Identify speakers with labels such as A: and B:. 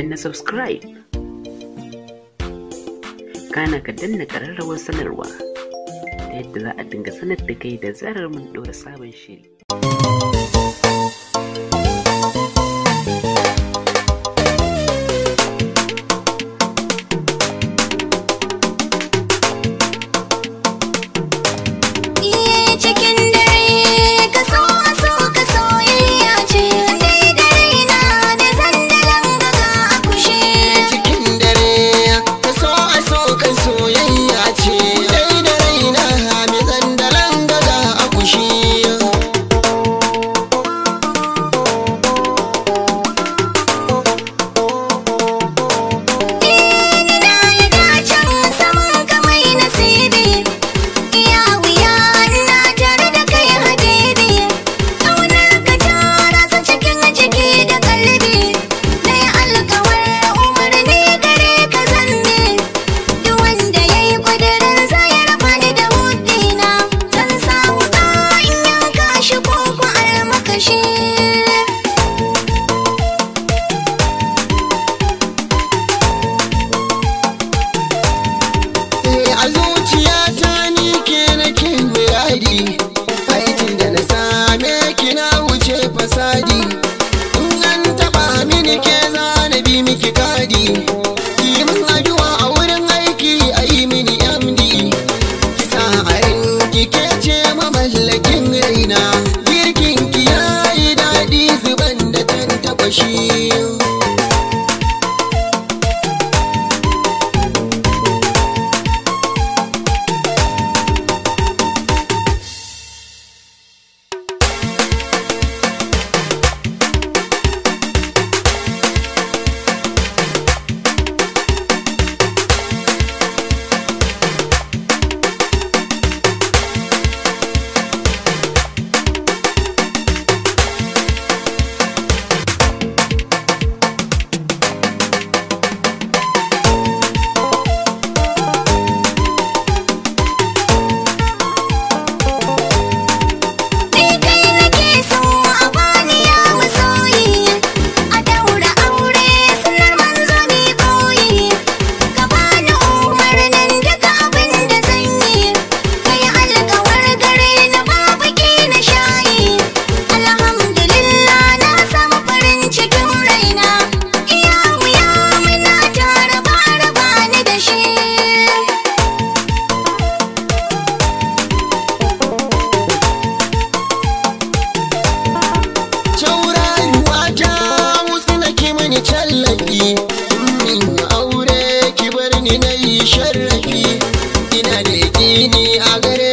A: danna subscribe kana ka danna ƙararrawar sanarwa ta yadda za a dinga sanar da kai da zarar mun ɗora sabon shiri Aiki aikin da na same ki na wuce fasadi in an taɓa mini ke bi miki kadi kimin ajuwa a wurin aiki a yi mini md kisa a ke ce mamallakin raina girkin ki ya yi daɗi zuban da tan tallafi min aure ki bar ni na yi sharrafi ina da yaƙini a gare